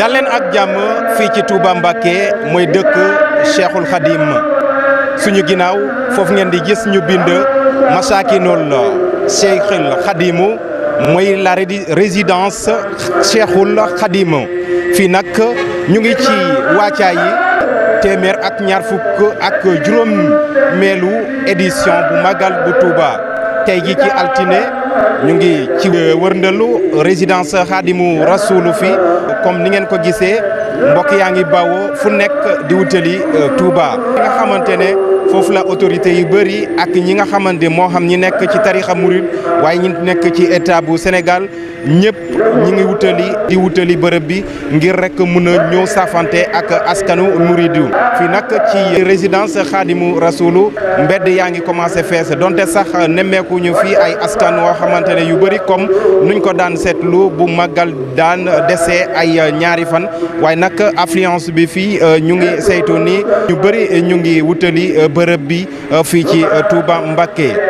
dal ak jàmm fii ci Touba Mbacké mooy dëkk Cheikhul Khadim suñu ginnaaw foofu ngeen di gis ñu bind masakinul Cheikhul Khadimu mooy la résidence Cheikhul Khadim fii nag ñu ngi ci waacaa yi téeméer ak ñaar fukk ak juróom meelu édition bu magal bu Touba tey ji ci altine ñu ngi ci wërndalu résidence xaadimu rasulu fi comme ni ngeen ko gisee mbokk yaa ngi bawoo fu nekk di wutali euh, Touba. nga xamante ne foofu la autorité yu bëri ak ñi nga xamante moo xam ñi nekk ci tarixa murid waaye ñi nekk ci état bu senegal ñëpp ñi ngi wutali di wutali bërëb bi ngir rek mun a ñëw safante ak askanu muridu fii nag ci résidence xaadimu rasulu mbedd yaa ngi commencé fees donte sax nemmeeku ñu fii ay askan woo xamante ne yu bëri comme nuñ ko daan seetlu bu màggal daan desee ay ñaari fan waaye nag affluence bi fii euh, ñu ngi saytu ni ñu bëri ñu ngi wutali euh, bërëb bi euh, fii ci euh, Touba Mbacké